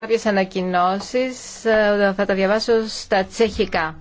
κάποιες ανακοινώσεις, ε, θα τα διαβάσω στα τσεχικά.